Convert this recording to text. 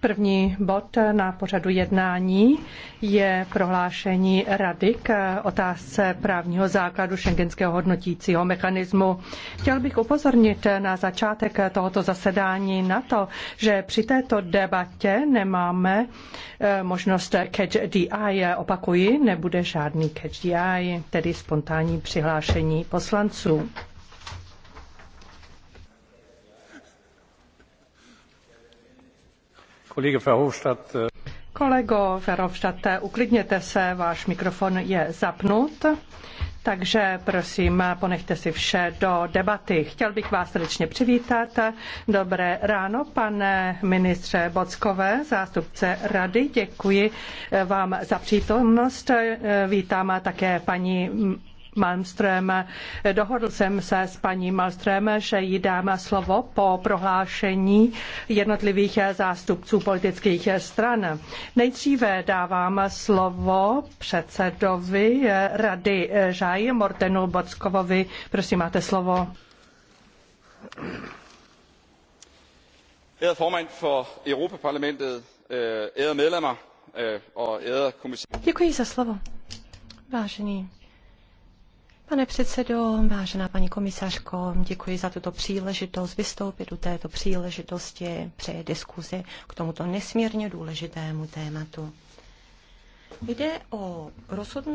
První bod na pořadu jednání je prohlášení Rady k otázce právního základu šengenského hodnotícího mechanismu. Chtěl bych upozornit na začátek tohoto zasedání na to, že při této debatě nemáme eh, možnost catch DI. Opakuji, nebude žádný catch DI, tedy spontánní přihlášení poslanců. Äh, Kolego Verhofstadte, uklidněte se, váš mikrofon je zapnut. Takže prosím, ponechte si vše do debaty. Chtěl bych vás srdečně přivítat. Dobré ráno, pane ministře Bockové, zástupce rady. Děkuji eh, vám za přítomnost. Eh, vítám také paní Malmström. Dohodl jsem se s paní Malmström, že jí dáme slovo po prohlášení jednotlivých zástupců politických stran. Nejdříve dávám slovo předsedovi rady Žáji Mortenu Bockovovi. Prosím, máte slovo. Ærede formand for Europaparlamentet, ærede medlemmer øh, og ærede Děkuji za slovo. Vážený Pane předsedo, vážená paní komisařko, děkuji za tuto příležitost vystoupit u této příležitosti při diskuzi k tomuto nesmírně důležitému tématu. Jde o rozhodnutí